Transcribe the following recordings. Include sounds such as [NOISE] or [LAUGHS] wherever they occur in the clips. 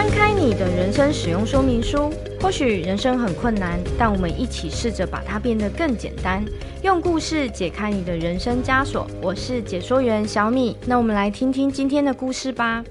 翻開你的人生使用說明書，或許人生很困難，但我們一起試着把它變得更簡單。用故事解開你的人生枷鎖，我是解說員小米。那我們來聽聽今天的故事吧。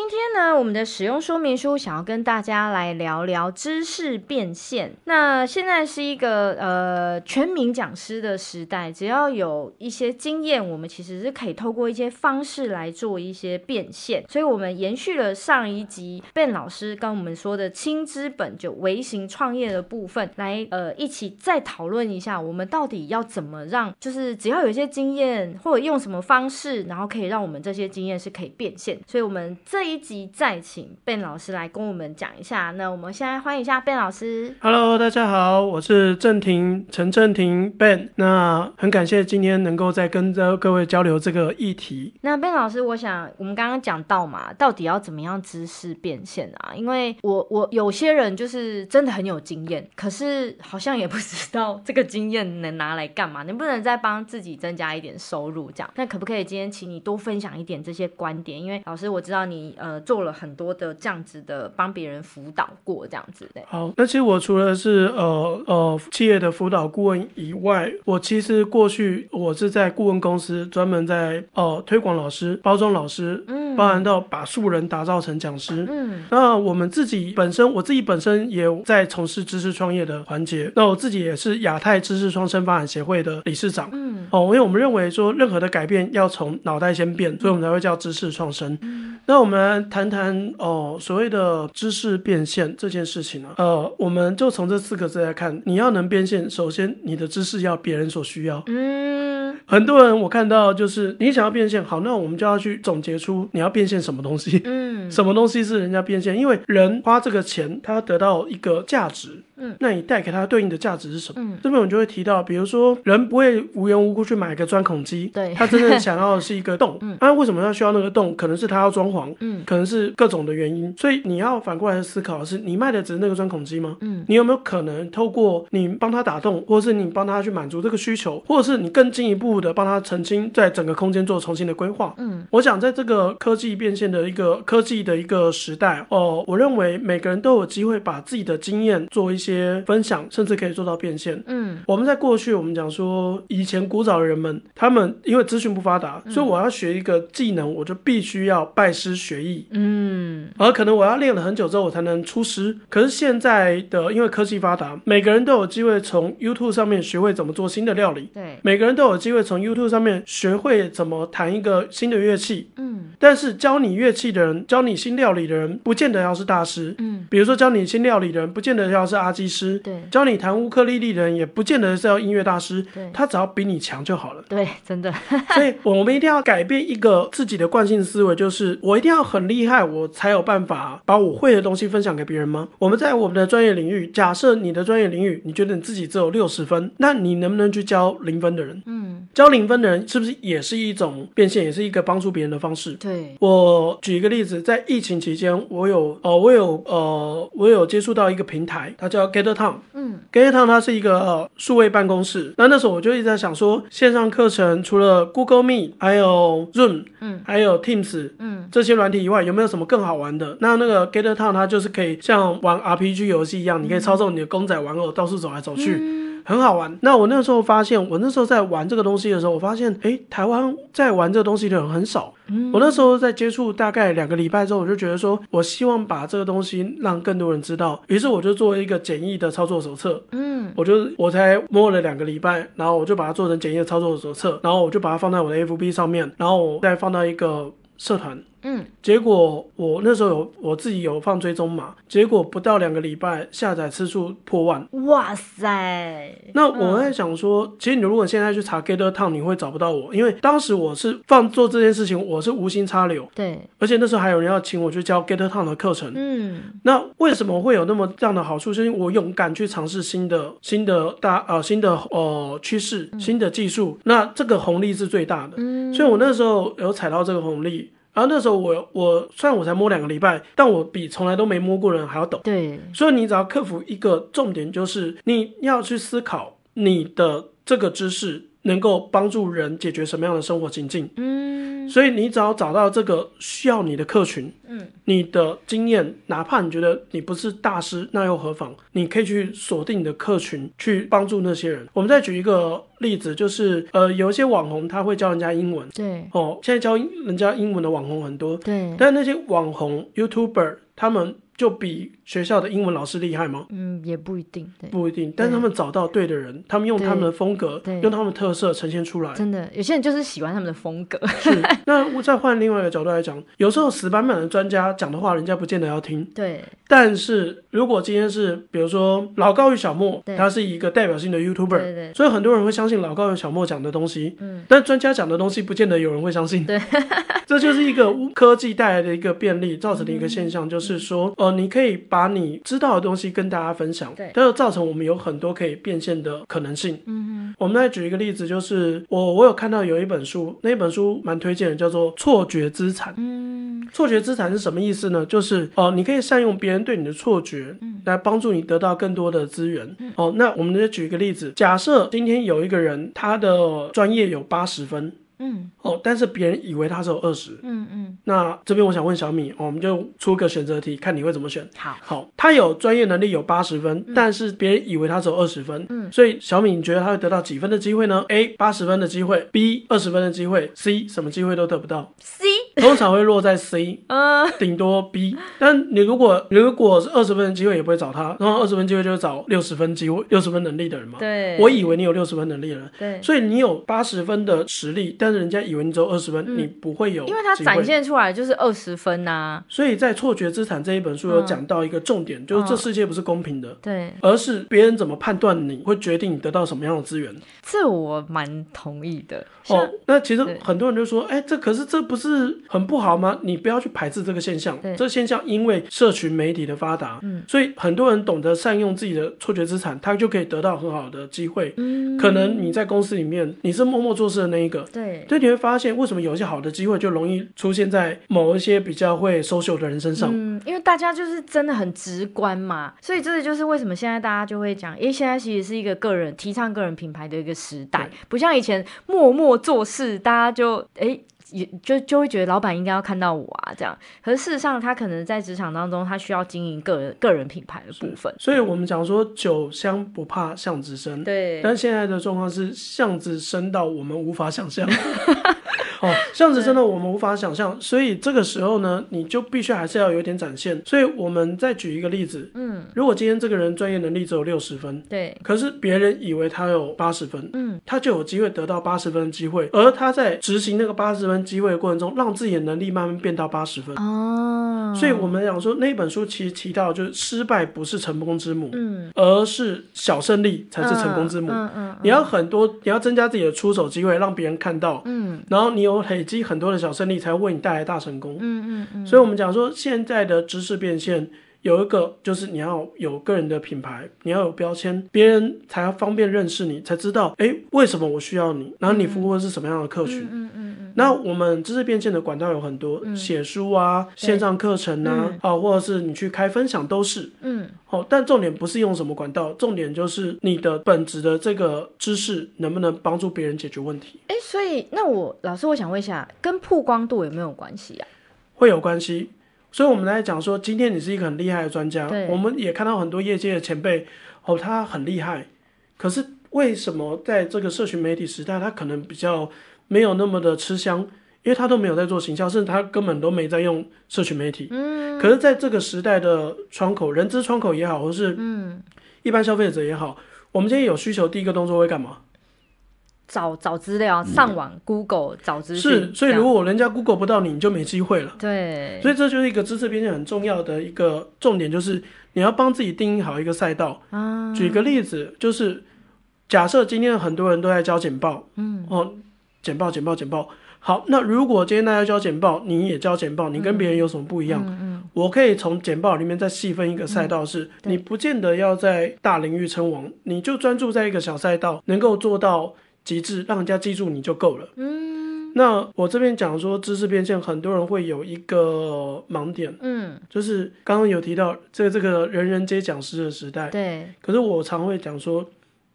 今天呢，我們的使用說明書想要跟大家來聊聊知識變現。那現在是一個呃全民講師的時代，只要有一些經驗，我們其實是可以透過一些方式來做一些變現。所以，我們延續了上一集 Ben 老師跟我們說的輕資本就微型創業的部分，來呃一起再討論一下，我們到底要怎麼讓，就是只要有一些經驗或者用什麼方式，然後可以讓我們這些經驗是可以變現。所以，我們這。積極，再請 Ben 老師來跟我們講一下。那我們現在歡迎一下 Ben 老師。Hello，大家好，我是政廷，陳政廷 Ben。那很感謝今天能夠再跟着各位交流這個議題。那 Ben 老師，我想我們剛剛講到嘛，到底要怎麼樣知識變現啊？因為我我有些人就是真的很有經驗，可是好像也不知道這個經驗能拿來幹嘛，能不能再幫自己增加一點收入這樣？那可不可以今天請你多分享一點這些觀點？因為老師，我知道你。呃，做了很多的這樣子的幫別人輔導過這樣子的。好，那其實我除了是呃呃企業的輔導顧問以外，我其實過去我是在顧問公司專門在呃推廣老師、包裝老師，嗯，包含到把素人打造成講師，嗯。那我們自己本身，我自己本身也在從事知識創業的環節。那我自己也是亞太知識創生發展協會的理事長，嗯。哦，因為我們認為說任何的改變要從腦袋先變，嗯，所以我們才會叫知識創生，嗯。那我們。我們談談哦，所謂的知識變現這件事情呢？呃，我們就從這四個字來看，你要能變現，首先你的知識要別人所需要。嗯，很多人我看到就是你想要變現，好，那我們就要去總結出你要變現什麼東西。嗯，什麼東西是人家變現？因為人花這個錢，他要得到一個價值。嗯，那你帶給他對應的價值是什麼？嗯。這邊我們就會提到，比如說人不會無緣無故去買一個鑽孔機，對，他真正想要的是一個洞。嗯，他、啊、為什麼要需要那個洞？可能是他要裝潢，嗯，可能是各種的原因。所以你要反過來思考的是，你賣的只是那個鑽孔機嗎？嗯，你有沒有可能透過你幫他打洞，或者是你幫他去滿足這個需求，或者是你更進一步的幫他澄清在整個空間做重新的規劃？嗯，我想在這個科技變現的一個科技的一個時代，哦、呃，我認為每個人都有機會把自己的經驗做一些。些分享，甚至可以做到變現。嗯，我們在過去，我們講說，以前古早的人們，他們因為資訊不發達，所以我要學一個技能，我就必須要拜師學藝。嗯，而可能我要練了很久之後，我才能出師。可是現在的，因為科技發達，每個人都有機會從 YouTube 上面學會怎麼做新的料理。對，每個人都有機會從 YouTube 上面學會怎麼彈一個新的樂器。嗯，但是教你樂器的人，教你新料理的人，不見得要是大師。嗯，比如說教你新料理的人，不見得要是阿技師教你彈烏克麗麗的人也不見得是要音樂大師，對，他只要比你強就好了。對，真的。 [LAUGHS] 所以，我們一定要改變一個自己的慣性思維，就是我一定要很厲害，我才有辦法把我會的東西分享給別人嗎？我們在我們的專業領域，假設你的專業領域，你覺得你自己只有六十分，那你能不能去教零分的人？嗯，教零分的人是不是也是一種變現，也是一個幫助別人的方式？對。我舉一個例子，在疫情期間，我有呃，我有呃，我有接觸到一個平台，它叫。Gather Town，嗯，Gather Town，它是一個呃、數位辦公室。那那時候我就一直在想說，線上課程除了 Google Meet，還有 Zoom，嗯，還有 Teams，嗯，這些軟體以外，有沒有什麼更好玩的？那那個 Gather Town，它就是可以像玩 R P G 遊戲一樣，你可以操縱你的公仔玩偶、嗯、到處走來走去。嗯。很好玩。那我那時候發現，我那時候在玩這個東西的時候，我發現，哎、欸，台灣在玩這個東西的人很少。嗯，我那時候在接觸大概兩個禮拜之後，我就覺得說，我希望把這個東西讓更多人知道。於是我就做一個簡易的操作手冊。嗯，我就我才摸了兩個禮拜，然後我就把它做成簡易的操作手冊，然後我就把它放在我的 FB 上面，然後我再放到一個社團。嗯，結果我那時候有我自己有放追蹤碼，結果不到兩個禮拜下載次數破萬，哇塞！那我在想說，嗯、其實你如果現在去查 Gather Town，你會找不到我，因為當時我是放做這件事情，我是無心插柳。對，而且那時候還有人要請我去教 Gather Town 的課程。嗯，那為什麼會有那麼這樣的好處？是因為我勇敢去嘗試新的、新的大呃新的呃趨勢、新的技術、嗯，那這個紅利是最大的。嗯，所以我那時候有踩到這個紅利。然後那時候我我，我雖然我才摸兩個禮拜，但我比從來都沒摸過的人還要懂。對，所以你只要克服一個重點，就是你要去思考你的這個知識。能夠幫助人解決什麼樣的生活情境？嗯，所以你只要找到這個需要你的客群，嗯，你的經驗，哪怕你覺得你不是大師，那又何妨？你可以去鎖定你的客群，去幫助那些人。我們再舉一個例子，就是呃，有一些網紅他會教人家英文，對，哦，現在教人家英文的網紅很多，對，但那些網紅 YouTuber 他們就比。學校的英文老師厲害嗎？嗯，也不一定對，不一定。但是他們找到對的人，他們用他們的風格對對，用他們的特色呈現出來。真的，有些人就是喜歡他們的風格。是 [LAUGHS] 那我再換另外一個角度來講，有時候死板板的專家講的話，人家不見得要聽。對。但是如果今天是比如說老高與小莫，他是一個代表性的 YouTuber，對對對，所以很多人會相信老高與小莫講的東西。嗯。但專家講的東西不見得有人會相信。對。 [LAUGHS] 這就是一個科技帶來的一個便利造成的一個現象，嗯、就是說，呃，你可以把。把你知道的東西跟大家分享，對，這就造成我們有很多可以變現的可能性。嗯嗯，我們再舉一個例子，就是我我有看到有一本書，那一本書蠻推薦的，叫做《錯覺資產》。嗯，錯覺資產是什麼意思呢？就是哦、呃，你可以善用別人對你的錯覺，嗯，來幫助你得到更多的資源。哦、嗯呃，那我們就舉一個例子，假設今天有一個人，他的專業有八十分。嗯哦，但是別人以為他只有二十，嗯嗯，那這邊我想問小米，哦，我們就出個選擇題，看你會怎麼選。好，好，他有專業能力有八十分，嗯，但是別人以為他只有二十分，嗯，所以小米你覺得他會得到幾分的機會呢？A 八十分的機會，B 二十分的機會，C 什麼機會都得不到。C。 [LAUGHS] 通常會落在 C，嗯、頂多 B。但你如果你如果是二十分的機會，也不會找他。然後二十分機會就是找六十分機會、六十分能力的人嘛。對，我以為你有六十分能力的人，對，所以你有八十分的實力，但是人家以為你只有二十分、嗯，你不會有機會，因為他展現出來就是二十分啊。所以在《錯覺資產》這一本書有講到一個重點、嗯，就是這世界不是公平的，對、嗯，而是別人怎麼判斷你會決定你得到什麼樣的資源，源。這我蠻同意的。哦、喔，那其實很多人就說，哎，這、欸、可是這不是。很不好嗎？你不要去排斥這個現象。這個現象因為社群媒體的發達，嗯，所以很多人懂得善用自己的錯覺資產，他就可以得到很好的機會。嗯，可能你在公司裡面你是默默做事的那一個，對，所以你會發現為什麼有一些好的機會就容易出現在某一些比較會 social 的人身上。嗯，因為大家就是真的很直觀嘛，所以這個就是為什麼現在大家就會講，誒，現在其實是一個個人提倡個人品牌的一個時代，不像以前默默做事，大家就誒也就就會覺得老闆應該要看到我啊，這樣。可是事實上，他可能在職場當中，他需要經營個人個人品牌的部分。所以我們講說，酒香不怕巷子深。對。但現在的狀況是，巷子深到我們無法想象。 [LAUGHS] 哦，這樣子真的我們無法想象所以這個時候呢，你就必須還是要有點展現。所以我們再舉一個例子，嗯，如果今天這個人專業能力只有六十分，對，可是別人以為他有八十分，嗯，他就有機會得到八十分的機會，而他在執行那個八十分機會的過程中，讓自己的能力慢慢變到八十分。哦，所以我們想說那本書其實提到，就是失敗不是成功之母，嗯，而是小勝利才是成功之母。嗯嗯，嗯，嗯，你要很多，你要增加自己的出手機會，讓別人看到，嗯，然後你。都累積很多的小勝利，才會為你帶來大成功。嗯嗯，嗯，所以我們講說，現在的知識變現。有一個就是你要有個人的品牌，你要有標籤，別人才要方便認識你，才知道哎、欸，為什麼我需要你，然後你服務的是什麼樣的客群？嗯嗯，嗯，嗯那我們知識變現的管道有很多，寫、嗯、書啊，線上課程啊、嗯、啊，或者是你去開分享都是。嗯。哦，但重點不是用什麼管道，重點就是你的本質的這個知識能不能幫助別人解決問題？哎、欸，所以那我老師，我想問一下，跟曝光度有沒有關係啊？會有關係。所以，我們來講說，今天你是一個很厲害的專家。對。我們也看到很多業界的前輩，哦，他很厲害，可是為什麼在這個社群媒體時代，他可能比較沒有那麼的吃香？因為他都沒有在做行銷，甚至他根本都沒在用社群媒體。嗯。可是，在這個時代的窗口，人資窗口也好，或是一般消費者也好，我們今天有需求，第一個動作會幹嘛？找找資料，上網，Google 找資料。是，所以如果人家 Google 不到你，你就沒機會了。對。所以這就是一個知識變現很重要的一個重點，就是你要幫自己定義好一個賽道。啊。舉個例子，就是假設今天很多人都在教簡報，嗯，哦，簡報，簡報，簡報。好，那如果今天大家教簡報，你也教簡報，你跟別人有什麼不一樣？嗯，嗯，嗯，我可以從簡報裡面再細分一個賽道是，是、嗯、你不見得要在大領域稱王，你就專注在一個小賽道，能夠做到極致，讓人家記住你就夠了。嗯。那我這邊講說知識變現，很多人會有一個盲點，嗯，就是剛剛有提到這個這個人人皆講師的時代，對。可是我常會講說。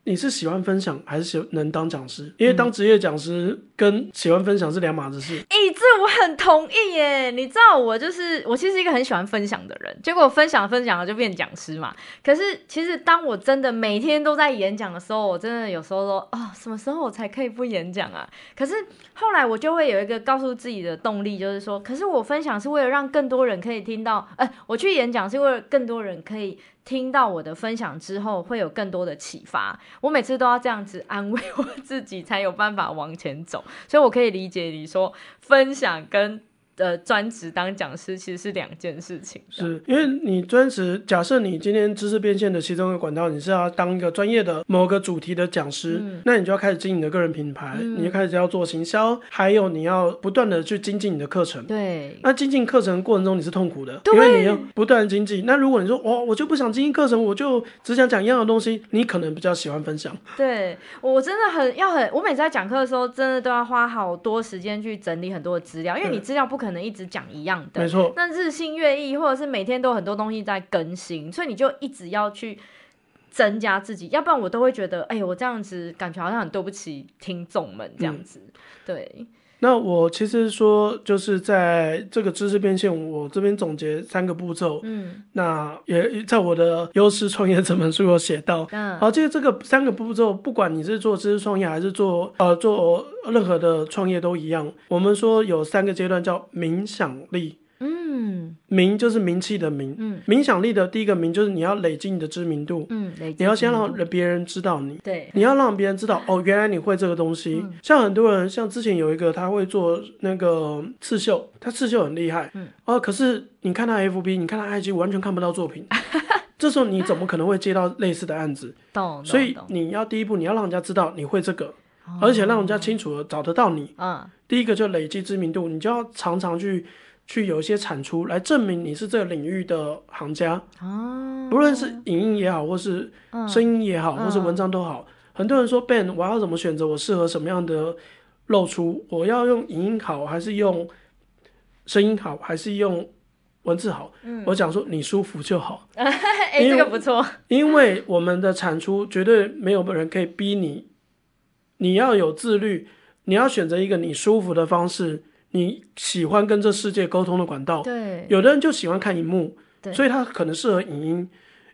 你是喜歡分享還是喜能當講師？因為當職業講師跟喜歡分享是兩碼子事。嗯。哎，這我很同意耶！你知道，我就是我其實是一個很喜歡分享的人，結果分享分享了就變講師嘛。可是其實當我真的每天都在演講的時候，我真的有時候說，哦，什麼時候我才可以不演講啊？可是後來我就會有一個告訴自己的動力，就是說，可是我分享是為了讓更多人可以聽到，哎、呃，我去演講是為了更多人可以，聽到我的分享之後，會有更多的啟發。我每次都要這樣子安慰我自己，才有辦法往前走。所以我可以理解你說分享跟，呃，專職當講師其實是兩件事情，是因為你專職，假設你今天知識變現的其中一個管道，你是要當一個專業的某個主題的講師，嗯，那你就要開始經營你的個人品牌，嗯，你就開始要做行銷，還有你要不斷的去精進你的課程。對，那精進課程過程中你是痛苦的，對，因為你要不斷精進。那如果你說哦，我就不想精進課程，我就只想講一樣的東西，你可能比較喜歡分享。對，我真的很，要很，我每次在講課的時候，真的都要花好多時間去整理很多的資料，因為你資料不。不可能一直講一樣的，沒錯。那日新月異，或者是每天都有很多東西在更新，所以你就一直要去增加自己，要不然我都會覺得，哎，我這樣子感覺好像很對不起聽眾們這樣子，嗯、對。那我其實說，就是在這個知識變現，我這邊總結三個步驟，嗯，那也在我的《優勢創業》這本書有寫到，嗯，好、啊，其實這個三個步驟，不管你是做知識創業還是做呃做任何的創業都一樣，我們說有三個階段叫冥想力。名就是名氣的名，嗯，影響力的第一個名，就是你要累積你的知名度，嗯，累你要先讓別人知道你，對，你要讓別人知道哦，原來你會這個東西，嗯。像很多人，像之前有一個他會做那個刺繡，他刺繡很厲害，嗯，哦，呃，可是你看他 FB，你看他 IG，完全看不到作品， [LAUGHS] 這時候你怎麼可能會接到類似的案子？ [LAUGHS] 所以你要第一步，你要讓人家知道你會這個，嗯，而且讓人家清楚的找得到你。啊，嗯，第一個就累積知名度，你就要常常去。去有一些產出來證明你是這個領域的行家，不論是影音也好，或是聲音也好、嗯，或是文章都好、嗯。很多人說 Ben，我要怎麼選擇？我適合什麼樣的露出？我要用影音好，還是用聲音好，還是用文字好？嗯、我講說你舒服就好。嗯 [LAUGHS] 欸、這個不錯。 [LAUGHS] 因為我們的產出絕對沒有人可以逼你，你要有自律，你要選擇一個你舒服的方式。你喜歡跟這世界溝通的管道，對，有的人就喜歡看熒幕，對，所以他可能適合影音；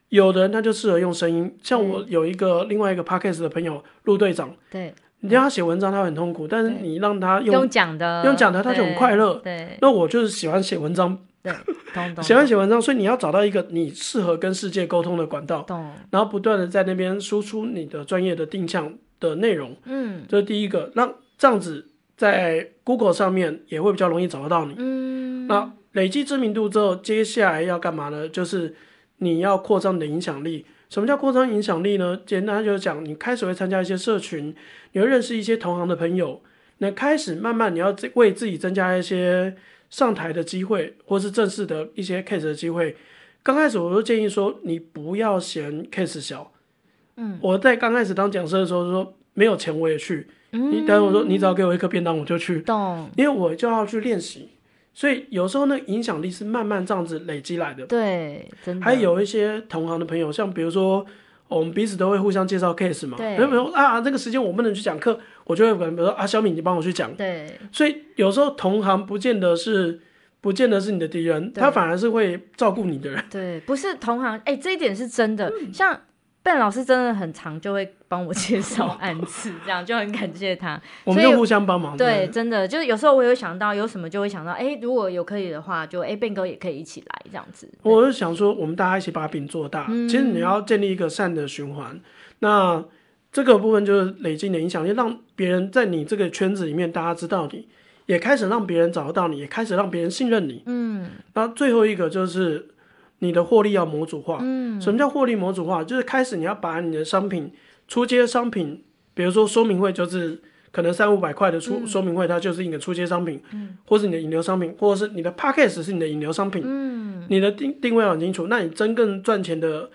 有的人他就適合用聲音。像我有一個另外一個 podcast 的朋友陸隊長，對，你讓他寫文章，他很痛苦，但是你讓他用，用講的，用講的他就很快樂。對，對，那我就是喜歡寫文章，對，對， [LAUGHS] 對，懂，懂，喜歡寫文章，所以你要找到一個你適合跟世界溝通的管道，懂，然後不斷的在那邊輸出你的專業的定向的內容，嗯，這，就是第一個，那這樣子。在 Google 上面也會比較容易找得到你。嗯，那累積知名度之後，接下來要幹嘛呢？就是你要擴張你的影響力。什麼叫擴張影響力呢？簡單就是講，你開始會參加一些社群，你會認識一些同行的朋友。那開始慢慢你要為自己增加一些上台的機會，或是正式的一些 case 的機會。剛開始我都建議說，你不要嫌 case 小。嗯，我在剛開始當講師的時候就說，沒有錢我也去。嗯、你當我說，你只要給我一顆便當，我就去。懂。因為我就要去練習，所以有時候那個影響力是慢慢這樣子累積來的。對，真的。還有一些同行的朋友，像比如說我們彼此都會互相介紹 case 嘛。對。比如說啊，這、那個時間我不能去講課，我就會可能比如說啊，小敏你幫我去講。對。所以有時候同行不見得是不見得是你的敵人，他反而是會照顧你的人。對，不是同行，哎，這一點是真的。嗯、像。但老師真的很常，就會幫我介紹案子。 [LAUGHS] 這樣就很感謝他。 [LAUGHS] 我們就互相幫忙。對，對，真的就是有時候我有想到有什麼，就會想到，哎、欸，如果有可以的話，就哎、欸、Ben 哥也可以一起來這樣子。我就想說，我們大家一起把餅做大、嗯。其實你要建立一個善的循環、嗯，那這個部分就是累積的影響，就讓別人在你這個圈子裡面，大家知道你，也開始讓別人找得到你，也開始讓別人信任你。嗯，那最後一個就是。你的獲利要模組化，嗯、什麼叫獲利模組化？就是開始你要把你的商品初階商品，比如說說明會，就是可能三五百塊的初、嗯、說明會，它就是你的初階商品，嗯，或是你的引流商品，或者是你的 package 是你的引流商品，嗯，你的定定位很清楚，那你真正賺錢的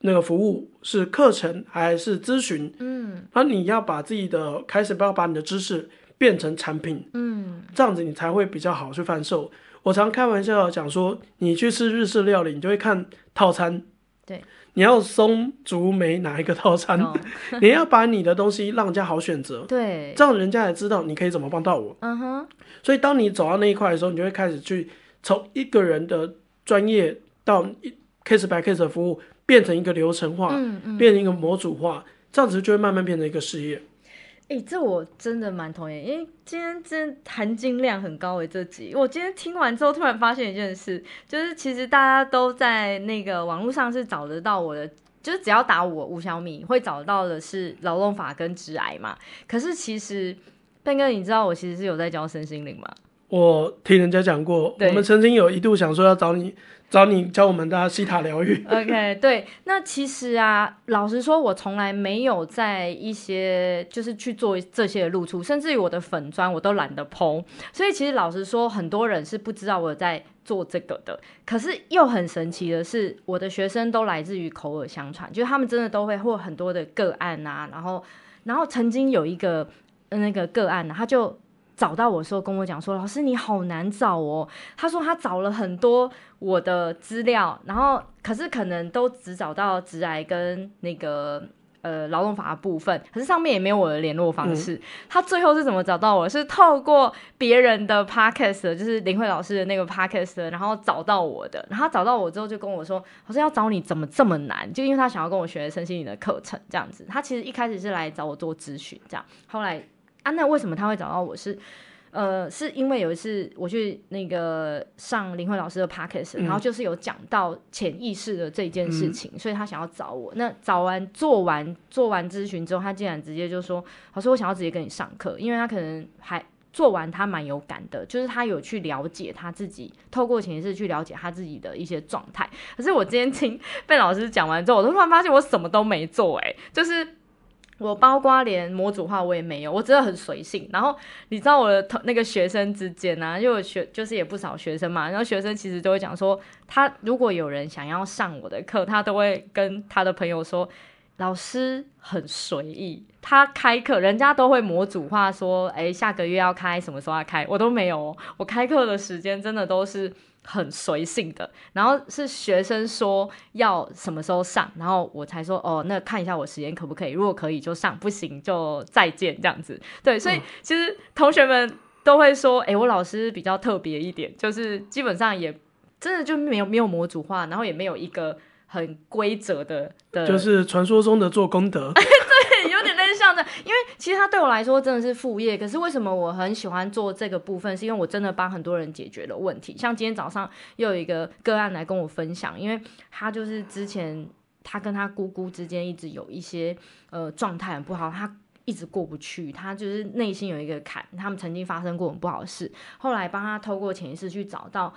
那個服務是課程還是諮詢，嗯，那你要把自己的開始不要把你的知識變成產品，嗯、這樣子你才會比較好去販售。我常開玩笑講說，你去吃日式料理，你就會看套餐。對，你要松竹梅哪一個套餐？哦、 [LAUGHS] 你要把你的東西讓人家好選擇。對，這樣人家也知道你可以怎麼幫到我。嗯哼。所以當你走到那一塊的時候，你就會開始去從一個人的專業到 case by case 的服務，變成一個流程化、嗯嗯，變成一個模組化，這樣子就會慢慢變成一個事業。哎、欸，這我真的蠻同意，因、欸、為今天真含金量很高誒、欸！這集我今天聽完之後，突然發現一件事，就是其實大家都在那個網絡上是找得到我的，就是只要打我吳小米，會找到的是勞動法跟致癌嘛。可是其實，Ben 哥，你知道我其實是有在教身心靈嗎？我聽人家講過，我們曾經有一度想說要找你。找你教我們的西塔療癒。OK，對，那其實啊，老實說，我從來沒有在一些就是去做這些的露出，甚至於我的粉專我都懶得 po，所以其實老實說，很多人是不知道我在做這個的。可是又很神奇的是，我的學生都來自於口耳相傳，就是他們真的都會或很多的個案啊，然後然後曾經有一個那個個案啊，他就。找到我的時候跟我講說，老師你好難找哦。他說他找了很多我的資料，然後可是可能都只找到職災跟那個呃勞動法的部分，可是上面也沒有我的聯絡方式。嗯、他最後是怎麼找到我？是透過別人的 podcast，就是林慧老師的那個 podcast，然後找到我的。然後他找到我之後就跟我說，老師要找你怎麼這麼難？就因為他想要跟我學身心靈的課程，這樣子。他其實一開始是來找我做諮詢，這樣後來。啊，那為什麼他會找到我是？呃，是因為有一次我去那個上林慧老師的 Podcast、嗯、然後就是有講到潛意識的這件事情、嗯，所以他想要找我。那找完做完做完諮詢之後，他竟然直接就說：“老師，我想要直接跟你上課，因為他可能還做完，他蠻有感的，就是他有去了解他自己，透過潛意識去了解他自己的一些狀態。”可是我今天聽 Ben 老師講完之後，我突然發現我什麼都沒做、欸，哎，就是。我包括連模組化我也沒有，我真的很隨性。然後你知道我的那個學生之間啊，因為學就是也不少學生嘛，然後學生其實都會講說，他如果有人想要上我的課，他都會跟他的朋友說，老師很隨意，他開課人家都會模組化說，誒，下個月要開，什麼時候要開，我都沒有喔，我開課的時間真的都是。很隨性的，然後是學生說要什麼時候上，然後我才說哦，那看一下我時間可不可以，如果可以就上，不行就再見這樣子。對，所以其實同學們都會說，哎、欸，我老師比較特別一點，就是基本上也真的就沒有沒有模組化，然後也沒有一個很規則的的，的就是傳說中的做功德。 [LAUGHS] 因為其實他對我來說真的是副業，可是為什麼我很喜歡做這個部分？是因為我真的幫很多人解決了問題。像今天早上又有一個個案來跟我分享，因為他就是之前他跟他姑姑之間一直有一些呃狀態很不好，他一直過不去，他就是內心有一個坎。他們曾經發生過很不好的事，後來幫他透過潛意識去找到，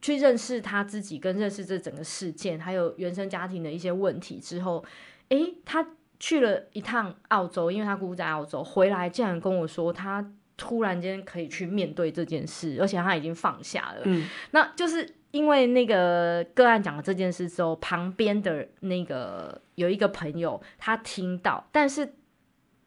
去認識他自己，跟認識這整個事件，還有原生家庭的一些問題之後，誒，他。去了一趟澳洲，因為他姑姑在澳洲，回來竟然跟我說，他突然間可以去面對這件事，而且他已經放下了。嗯，那就是因為那個個案講了這件事之後，旁邊的那個有一個朋友，他聽到，但是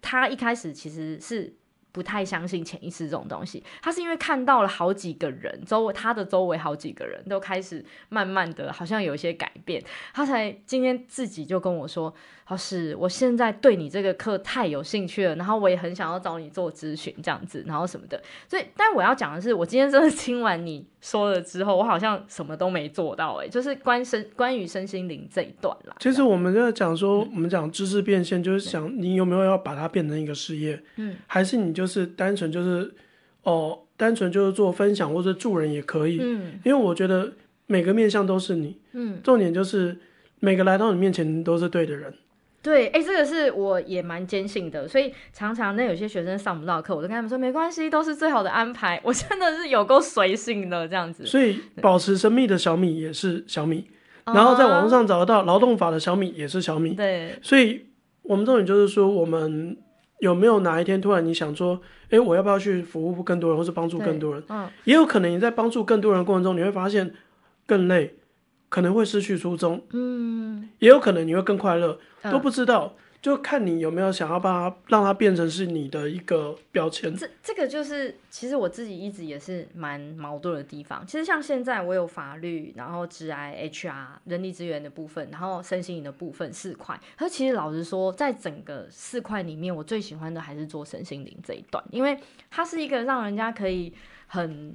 他一開始其實是。不太相信潛意識這種東西，他是因為看到了好幾個人周他的周圍好幾個人都開始慢慢的，好像有一些改變，他才今天自己就跟我說：“老師，我現在對你這個課太有興趣了，然後我也很想要找你做諮詢，這樣子，然後什麼的。”所以，但我要講的是，我今天真的聽完你說了之後，我好像什麼都沒做到，欸，誒。就是關身關於身心靈這一段啦。其實我們在講說，嗯，我們講知識變現，就是想你有沒有要把它變成一個事業，嗯，還是你就。是單純就是哦，單純就是做分享或者助人也可以，嗯，因為我覺得每個面向都是你，嗯，重點就是每個來到你面前都是對的人。對，哎、欸，這個是我也蠻堅信的，所以常常那有些學生上不到課，我就跟他們說沒關係，都是最好的安排。我真的是有夠隨性的這樣子，所以保持神秘的小米也是小米，uh -huh. 然後在網絡上找得到勞動法的小米也是小米，對，所以我們重點就是說我們。有沒有哪一天突然你想說，誒、欸，我要不要去服務更多人，或是幫助更多人，嗯。也有可能你在幫助更多人的過程中，你會發現更累，可能會失去初衷。嗯，也有可能你會更快樂，都不知道。嗯就看你有沒有想要把它讓它變成是你的一個標籤。這這個就是其實我自己一直也是蠻矛盾的地方。其實像現在我有法律，然後職涯、H R 人力資源的部分，然後身心靈的部分四塊。可是其實老實說，在整個四塊裡面，我最喜歡的還是做身心靈這一段，因為它是一個讓人家可以很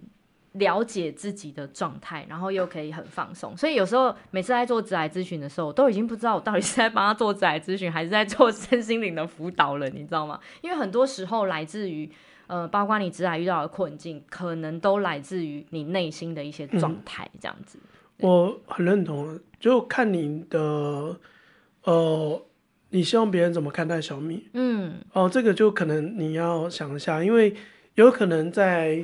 了解自己的狀態，然後又可以很放鬆，所以有時候每次在做職涯諮詢的時候，我都已經不知道我到底是在幫他做職涯諮詢，還是在做身心靈的輔導了，你知道嗎？因為很多時候來自於，呃，包括你職涯遇到的困境，可能都來自於你內心的一些狀態，這樣子、嗯。我很認同，就看你的，呃，你希望別人怎麼看待小米？嗯，哦、呃，這個就可能你要想一下，因為有可能在。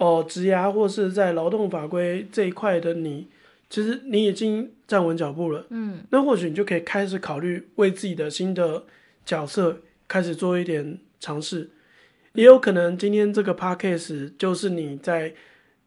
哦，職涯或是在勞動法規這一塊的你，其實你已經站穩腳步了，嗯，那或許你就可以開始考慮為自己的新的角色開始做一點嘗試。也有可能今天這個 Podcast 就是你在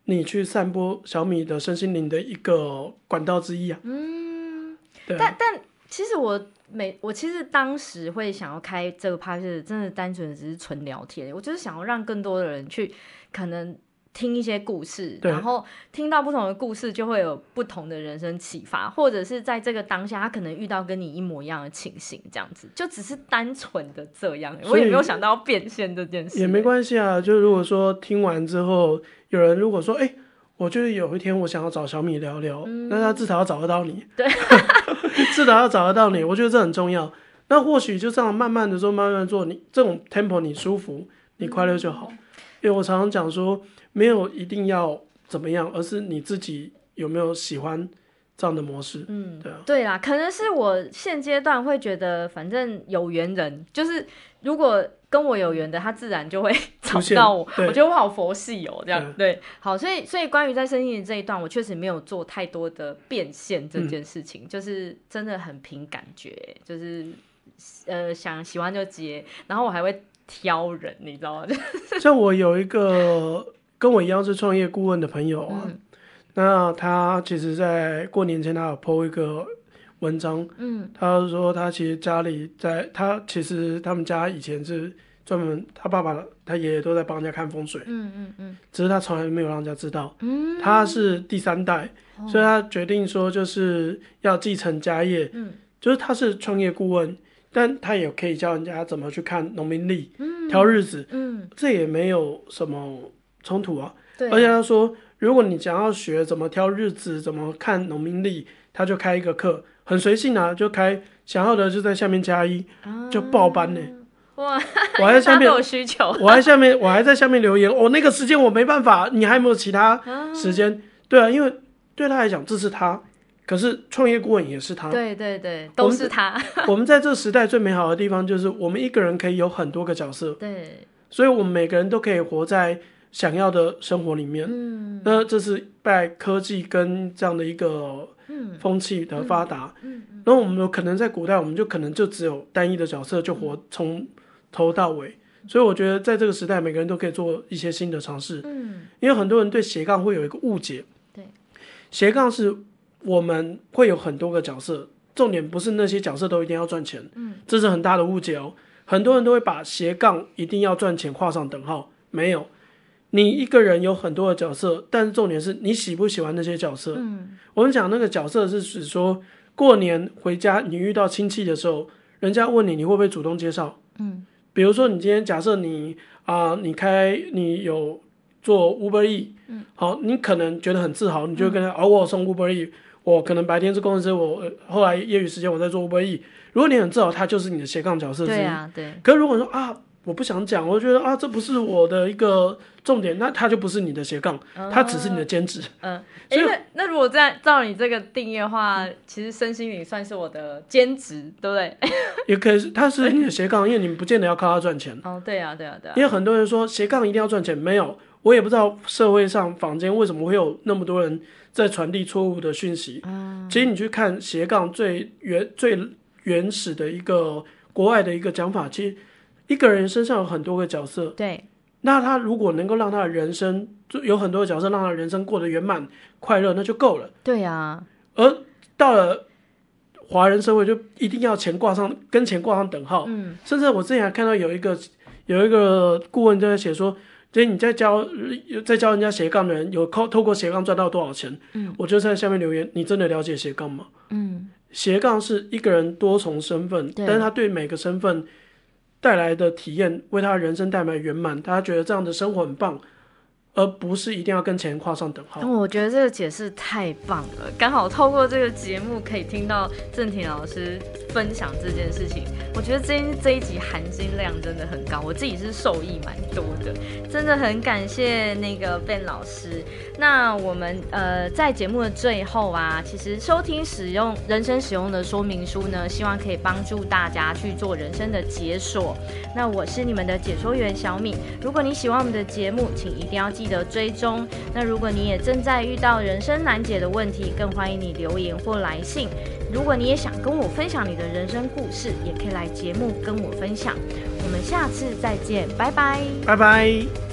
你去散播小米的身心靈的一個管道之一啊，嗯，但但其實我每我其實當時會想要開這個 Podcast，真的單純只是純聊天，我就是想要讓更多的人去可能，聽一些故事，然後聽到不同的故事，就會有不同的人生啟發，或者是在這個當下，他可能遇到跟你一模一樣的情形，這樣子就只是單純的這樣，我也沒有想到要變現這件事，也沒關係啊。就如果說聽完之後，嗯、有人如果說，哎、欸，我就是有一天我想要找小米聊聊，嗯，那他至少要找得到你，對， [LAUGHS] 至少要找得到你，我覺得這很重要。那或許就這樣慢慢的做，慢慢做，你這種 tempo 你舒服，你快樂就好，嗯。因為我常常講說。沒有一定要怎麼樣，而是你自己有沒有喜歡這樣的模式？嗯，對啊，對啦，可能是我現階段會覺得，反正有緣人就是如果跟我有緣的，他自然就會找到我。我覺得我好佛系哦、喔，這樣對，對，好。所以，所以關於在生意這一段，我確實沒有做太多的變現這件事情，嗯、就是真的很憑感覺，就是呃，想喜歡就接，然後我還會挑人，你知道嗎？就我有一個。跟我一樣是創業顧問的朋友啊，嗯、那他其實，在過年前他有 PO 一個文章，嗯，他說他其實家裡在，他其實他們家以前是專門他爸爸、他爺爺都在幫人家看風水，嗯嗯嗯，只是他從來沒有讓人家知道，嗯，他是第三代，嗯、所以他決定說就是要繼承家業，嗯，就是他是創業顧問，但他也可以教人家怎麼去看農民曆，嗯，挑日子，嗯，這也沒有什麼。衝突啊！對啊，而且他說，如果你想要學怎麼挑日子、怎麼看農民曆，他就開一個課，很隨性啊，就開想要的就在下面加一，嗯、就爆班呢。哇！我還在下面有需求，我還在下面我還在下面留言。我、 [LAUGHS] 哦、那個時間我沒辦法，你還有沒有其他時間、啊？對啊，因為對他來講，這是他；可是創業顧問也是他。對對對，都是他。我們， [LAUGHS] 我們在這時代最美好的地方就是，我們一個人可以有很多個角色。對，所以我們每個人都可以活在想要的生活裡面，嗯、那這是拜科技跟這樣的一個風氣的發達、嗯嗯嗯。嗯，那我們有可能在古代，我們就可能就只有單一的角色，就活從頭到尾、嗯。所以我覺得在這個時代，每個人都可以做一些新的嘗試。嗯，因為很多人對斜槓會有一個誤解。對，斜槓是我們會有很多個角色，重點不是那些角色都一定要賺錢。嗯，這是很大的誤解哦。很多人都會把斜槓一定要賺錢畫上等號，沒有。你一個人有很多的角色，但是重點是你喜不喜歡那些角色。嗯，我們講那個角色是指說，過年回家你遇到親戚的時候，人家問你，你會不會主動介紹？嗯，比如說你今天假設你啊、呃，你開你有做 Uber E，嗯、好、哦，你可能覺得很自豪，你就跟他、嗯、哦，我送 Uber E，我可能白天是公司，我後來業餘時間我在做 Uber E。如果你很自豪，它就是你的斜槓角色之一。對啊，對。可是如果說啊。我不想講，我覺得啊，這不是我的一個重點，那它就不是你的斜槓、嗯，它只是你的兼職。嗯，欸、所以那，那如果在照你這個定義的話，其實身心靈算是我的兼職，對不對？也可以，它是你的斜槓，因為你不見得要靠它賺錢。哦，對呀、啊，對呀、啊，對呀、啊啊。因為很多人說斜槓一定要賺錢，沒有，我也不知道社會上坊間為什麼會有那麼多人在傳遞錯誤的訊息。嗯，其實你去看斜槓最原最原始的一個國外的一個講法，其實。一個人身上有很多個角色，對，那他如果能夠讓他的人生就有很多個角色，讓他的人生過得圓滿快樂，那就夠了。對呀、啊，而到了華人社會，就一定要錢掛上跟錢掛上等號。嗯，甚至我之前還看到有一個有一個顧問在寫說，所以你在教在教人家斜槓的人，有靠透過斜槓賺到多少錢？嗯，我就在下面留言：你真的了解斜槓嗎？嗯，斜槓是一個人多重身份，但是他對每個身份。帶來的體驗，為他的人生帶來圓滿，他覺得這樣的生活很棒。而不是一定要跟錢畫上等號。嗯。我覺得這個解釋太棒了，剛好透過這個節目可以聽到政廷老師分享這件事情。我覺得今天這一集含金量真的很高，我自己是受益蠻多的，真的很感謝那個 Ben 老師。那我們呃在節目的最後啊，其實收聽使用人生使用的說明書呢，希望可以幫助大家去做人生的解鎖。那我是你們的解說員小米，如果你喜歡我們的節目，請一定要記。記得追蹤。那如果你也正在遇到人生難解的問題，更歡迎你留言或來信。如果你也想跟我分享你的人生故事，也可以來節目跟我分享。我們下次再見，拜拜，拜拜。